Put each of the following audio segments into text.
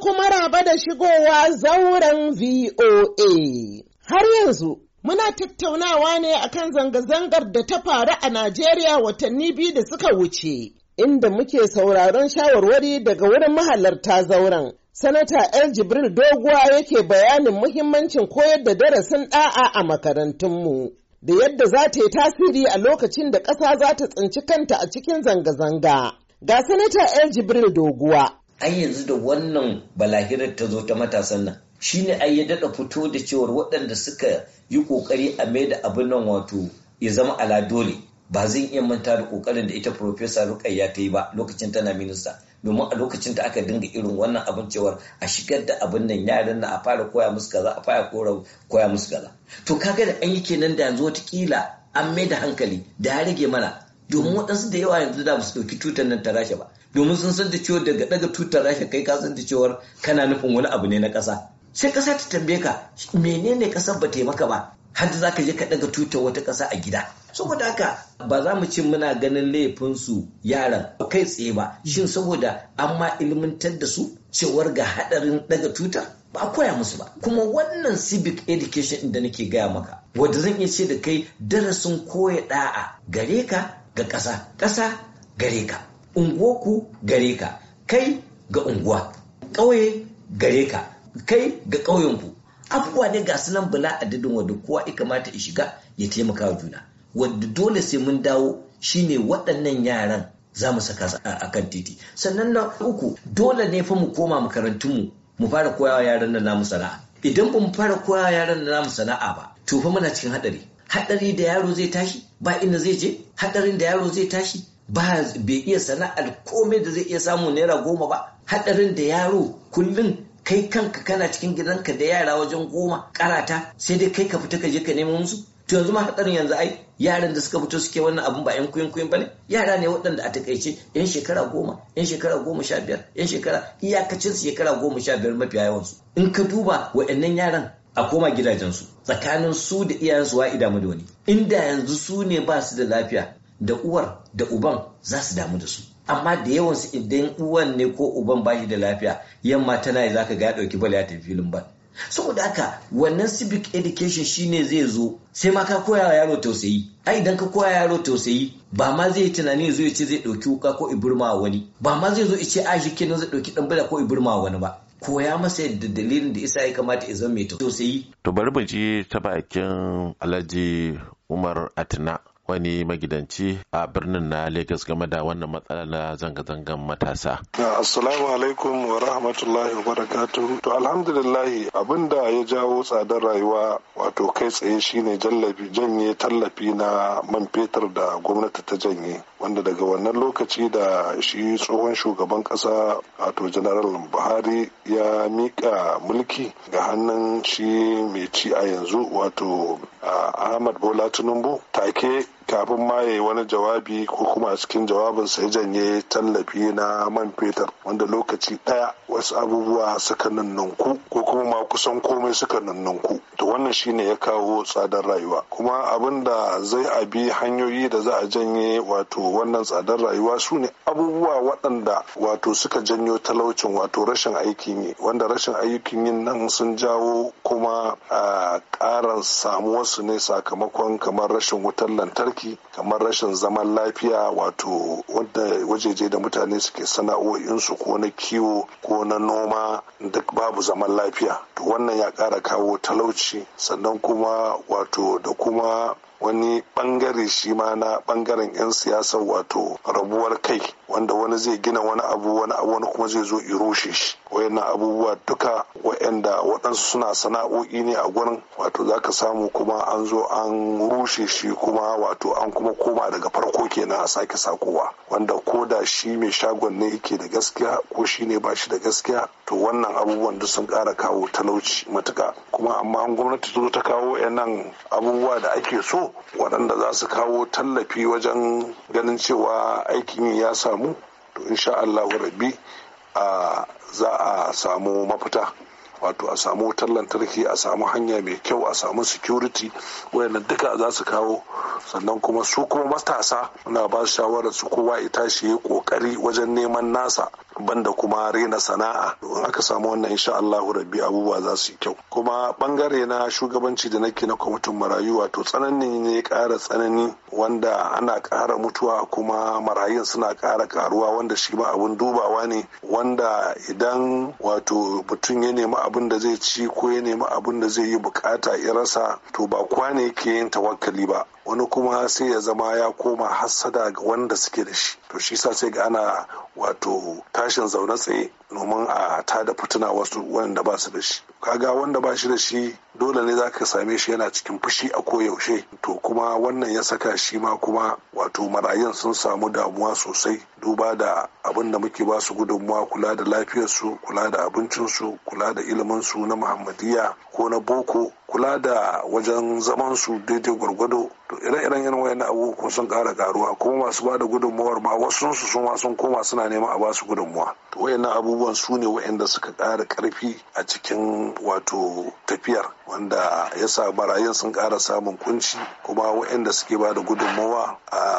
Kuma raba da shigowa zauren VOA. Har yanzu muna tattaunawa ne akan zanga-zangar da ta faru a Najeriya watanni biyu da suka wuce, inda muke sauraron shawarwari daga wurin mahalarta zauren. Sanata El Jibril Doguwa yake bayanin muhimmancin koyar da darasin ɗa'a a makarantunmu. Da yadda za ta yi tasiri a lokacin da ƙasa za ta tsinci kanta a cikin zanga-zanga. Ga Sanata El Jibril Doguwa an yanzu da wannan balahirar ta zo ta matasan nan shine ai ya daɗa fito da cewar waɗanda suka yi ƙoƙari a mai da abin nan wato ya zama ala dole ba zan iya manta da ƙoƙarin da ita Profesa Rukayya ta yi ba lokacin tana minista domin a lokacin ta aka dinga irin wannan abin cewar a shigar da abin nan yaran na a fara koya musu kaza a fara koya musu kaza to kaga da an yi kenan da yanzu watakila an mai da hankali da ya rage mana domin waɗansu da yawa yanzu da ba su ɗauki tutar nan ta rashe ba domin sun san da cewa daga daga tutar rasha kai ka san da cewa kana nufin wani abu ne na ƙasa sai ƙasa ta tambaye ka menene ƙasar ba ta maka ba har za ka je ka daga tutar wata ƙasa a gida saboda haka ba za mu ce muna ganin laifinsu yaran kai tsaye ba shin saboda an ma ilmantar da su cewar ga haɗarin daga tutar ba koya musu ba kuma wannan civic education da nake gaya maka wadda zan iya ce da kai darasin koya da'a gare ka ga ƙasa ƙasa gare ka unguwarku gare ka kai ga unguwa ƙauye gare ka kai ga ƙauyenku abubuwa ne ga sunan bala a didin wadda kowa ya kamata ya shiga ya taimaka wa juna wadda dole sai mun dawo shine waɗannan yaran za mu saka sa a kan titi sannan na uku dole ne fa mu koma makarantunmu mu fara koyawa yaran na namu sana'a idan ba mu fara koyawa yaran na namu sana'a ba to fa muna cikin haɗari haɗari da yaro zai tashi ba inda zai je haɗarin da yaro zai tashi ba bai iya sana'ar komai da zai iya samu naira goma ba hadarin da yaro kullum kai kanka kana cikin gidanka da yara wajen goma karata sai dai kai ka fita ka je ka nemo musu to yanzu ma hadarin yanzu ai yaran da suka fito suke wannan abun ba yan kuyin kuyin bane yara ne waɗanda a takaice yan shekara goma yan shekara goma sha biyar yan shekara iyakacin shekara goma sha biyar mafiya yawansu in ka duba wa'annan yaran a koma gidajensu tsakanin su da iyayensu wa idamu da wani inda yanzu su ne ba su da lafiya da uwar da uban za su damu da su amma da yawan su idan uwan ne ko uban bashi da lafiya yamma tana yi zaka ga ya dauki bal ya tafi filin bal saboda haka wannan civic education shine zai zo sai ma ka koya wa yaro tausayi ai idan ka koya yaro tausayi ba ma zai yi tunani zo ya ce zai dauki wuka ko ibirma wani ba ma zai zo ya ce a shi kenan zai dauki ɗan bala ko ibirma wani ba koya masa yadda dalilin da isa ya kamata ya zama mai tausayi. To bari mu je ta bakin Alhaji Umar Atina wani magidanci a birnin na Legas game da wannan matsala na zanga-zangan matasa. Assalamu alaikum wa rahmatullahi wa barakatuhu. To alhamdulillahi abin da ya jawo tsadar rayuwa wato kai tsaye shine jallabi janye tallafi na man fetur da gwamnati ta janye wanda daga wannan lokaci da shi tsohon shugaban kasa wato janaral Buhari ya mika mulki ga hannun shi mai ci a yanzu wato Ahmad Bola Tinubu take kafin ma ya yi wani jawabi ko kuma a cikin jawabin sai janye tallafi na man fetur wanda lokaci ɗaya wasu abubuwa suka nannanku ko kuma ma kusan komai suka nannanku to wannan shine ya kawo tsadar rayuwa kuma abin da zai abi hanyoyi da za a janye wato wannan tsadar rayuwa su ne abubuwa waɗanda wato suka janyo talaucin wato rashin aikin yi wanda rashin aikin yin nan sun jawo kuma a ƙaran samuwarsu ne sakamakon kamar rashin wutar lantarki kamar rashin zaman lafiya wato wanda wajeje da mutane suke sana'o'insu ko na kiwo ko na noma duk babu zaman lafiya to wannan ya kara kawo talauci sannan kuma wato da kuma wani bangare shi ma na bangaren 'yan siyasar wato rabuwar kai wanda wani zai gina wani abu wani wani kuma zai zo irushe shi wayannan abubuwa duka wayanda waɗansu suna sana'o'i ne a gurin wato za ka samu kuma an zo an rushe shi kuma wato an kuma koma daga farko kenan a sake sakowa wanda ko da shi mai shagon ne yake da gaskiya ko shi ne ba shi da gaskiya to wannan abubuwan duk sun ƙara kawo talauci matuka kuma amma an gwamnati zo ta kawo yanan abubuwa da ake so waɗanda za su kawo tallafi wajen ganin cewa aikin yi ya samu to insha Allah rabbi za a samu mafita wato a samu wutar lantarki a samu hanya mai kyau a samu security wayannan duka za su kawo sannan kuma su kuma matasa muna ba su shawarar su kowa ya tashi ya kokari wajen neman nasa banda kuma rena sana'a in aka samu wannan insha Allah rabi abubuwa za su yi kyau kuma bangare na shugabanci da nake na kwamitin marayu wato tsanani ne ya kara tsanani wanda ana kara mutuwa kuma marayun suna kara karuwa wanda shi ma abun dubawa ne wanda idan wato mutum ya nemi abin da zai ci ko ya nemi abin da zai yi bukata ya rasa to ba ne yake yin tawakkali ba wani kuma sai ya zama ya koma hassada ga wanda suke da shi to shi sa sai ga ana wato ta sashen zaune tsaye domin a da fituna wasu wanda ba su da shi kaga wanda ba shi da shi dole ne zaka same shi yana cikin fushi a koyaushe to kuma wannan ya saka shi ma kuma wato marayun sun samu damuwa sosai duba da abin da muke ba su gudunmuwa kula da lafiyarsu kula da abincinsu kula da iliminsu na muhammadiyya ko na boko kula da wajen zaman su daidai gwargwado to ire-iren yana wayan abubuwa sun ƙara karuwa kuma masu bada da gudunmuwar ma wasu sun sun koma suna neman a ba su gudunmuwa to wayannan abubuwa abubuwan su ne waɗanda suka ƙara ƙarfi a cikin wato tafiyar wanda ya sa barayin sun ƙara samun kunci kuma waɗanda suke ba da gudunmawa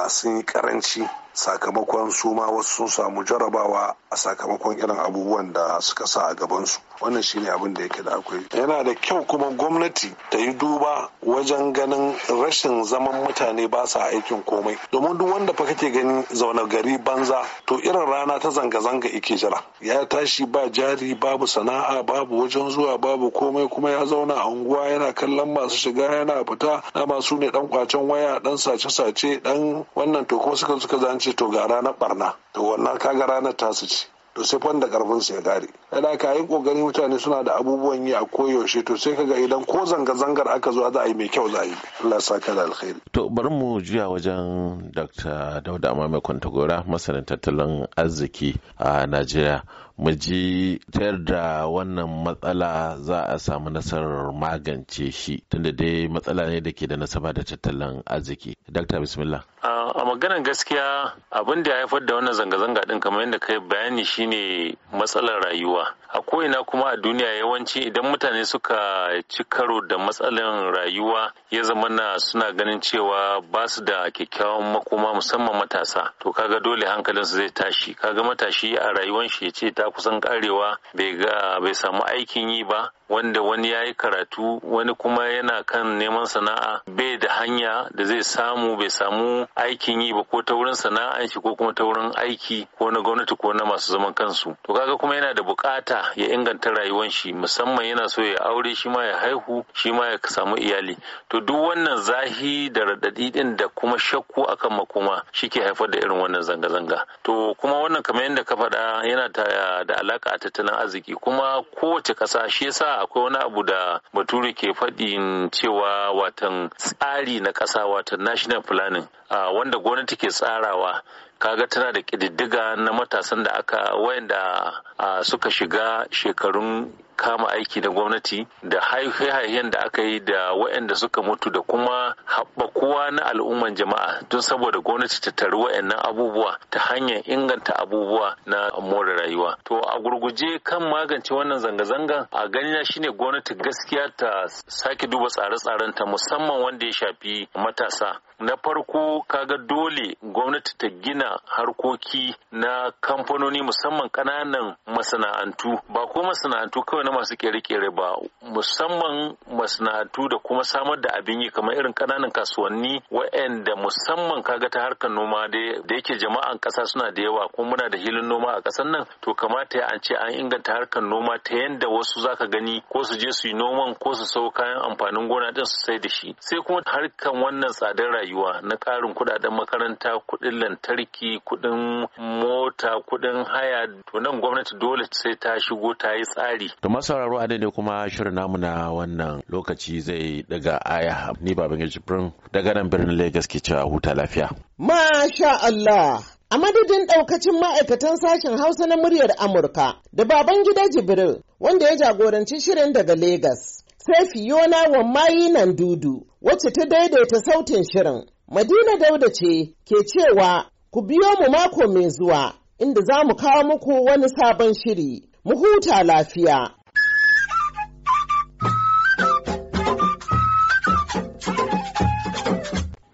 sun yi karanci sakamakon suma wasu sun samu jarabawa a sakamakon irin abubuwan da suka sa a gabansu wannan shine abin da yake da akwai yana da kyau kuma gwamnati ta yi duba wajen ganin rashin zaman mutane ba sa aikin komai domin duk wanda fa kake gani zaune gari banza to irin rana ta zanga-zanga ike jira ya tashi ba jari babu sana'a babu wajen zuwa babu komai kuma ya zauna a unguwa yana kallon masu shiga yana fita dama masu ne dan kwacen waya dan sace-sace dan wannan to kuma suka suka zance to ga ranar barna to wannan kaga ranar tasu ce to sai fanda karfin su ya gare yana ka yi kokari mutane suna da abubuwan yi a koyaushe to sai kaga idan ko zanga-zangar aka zo za a yi mai kyau za a yi Allah saka da alkhairi to bari mu juya wajen Dr. Dauda Amame Kwantagora masanin tattalin arziki a Najeriya mu ji ta yarda wannan matsala za a samu nasarar magance shi tunda dai matsala ne da ke da nasaba da tattalin arziki. Dakta Bismillah. a maganar gaskiya abin da ya haifar da wannan zanga-zanga din kamar yadda kai bayani shine matsalar rayuwa a ko'ina kuma a duniya yawanci idan mutane suka ci karo da matsalar rayuwa ya zama na suna ganin cewa ba su da kyakkyawan makoma musamman matasa to kaga dole hankalinsu zai tashi kaga matashi a rayuwan shi ya ce ta kusan karewa bai samu aikin yi ba wanda wani ya yi karatu wani kuma yana kan neman sana'a bai da hanya da zai samu bai samu aikin yi ba ko ta wurin sana'a shi ko kuma ta wurin aiki ko na gwamnati ko na masu zaman kansu to kaga kuma yana da bukata ya inganta rayuwar shi musamman yana so ya aure shi ma ya haihu shi ma ya samu iyali to duk wannan zahi da radadi din da kuma shakku akan makoma shi ke haifar da irin wannan zanga-zanga to kuma wannan kamar yadda ka faɗa yana ta Da da alaka tattalin arziki kuma kowace ƙasa shi yasa akwai wani abu da bature ke faɗin cewa watan tsari na ƙasa watan national planning wanda gwamnati ke tsarawa kaga tana da ƙididdiga na matasan da aka wayanda suka shiga shekarun kama aiki na gwamnati da haihayen da aka yi da wayanda suka mutu da kuma haɓakuwa na al'umman jama'a don saboda gwamnati ta tari wayannan abubuwa ta hanyar inganta abubuwa na more rayuwa to a gurguje kan magance wannan zanga zanga a ganina shine gwamnati gaskiya ta sake duba tsare-tsaren ta musamman wanda ya shafi matasa na farko kaga dole gwamnati ta gina harkoki na kamfanoni musamman ƙananan masana'antu ba ko masana'antu kawai na masu kere-kere ba musamman masana'antu da kuma samar da abin yi kamar irin kananan kasuwanni waɗanda musamman kaga ta harkar noma da yake jama'an ƙasa suna da yawa kuma muna da hilin noma a ƙasar nan to kamata ya an ce an inganta harkar noma ta yadda wasu zaka gani ko su je su yi noman ko su sau kayan amfanin gona din su sai da shi sai kuma harkar wannan tsadar rayuwa rayuwa na karin kudaden makaranta kudin lantarki kudin mota kudin haya to nan gwamnati dole sai ta shigo ta yi tsari to masu sauraro a ne kuma shirin namu na wannan lokaci zai daga aya ni baban jibrin daga nan birnin lagos ke cewa huta lafiya masha Allah a madadin ɗaukacin ma'aikatan sashen hausa na muryar amurka da baban gida jibril wanda ya jagoranci shirin daga Legas, sai fiona wa mayi nan dudu wacce ta daidaita sautin shirin. Madina Dauda ce ke cewa ku biyo mu mako mai zuwa inda za mu kawo muku wani sabon shiri. Mu huta lafiya.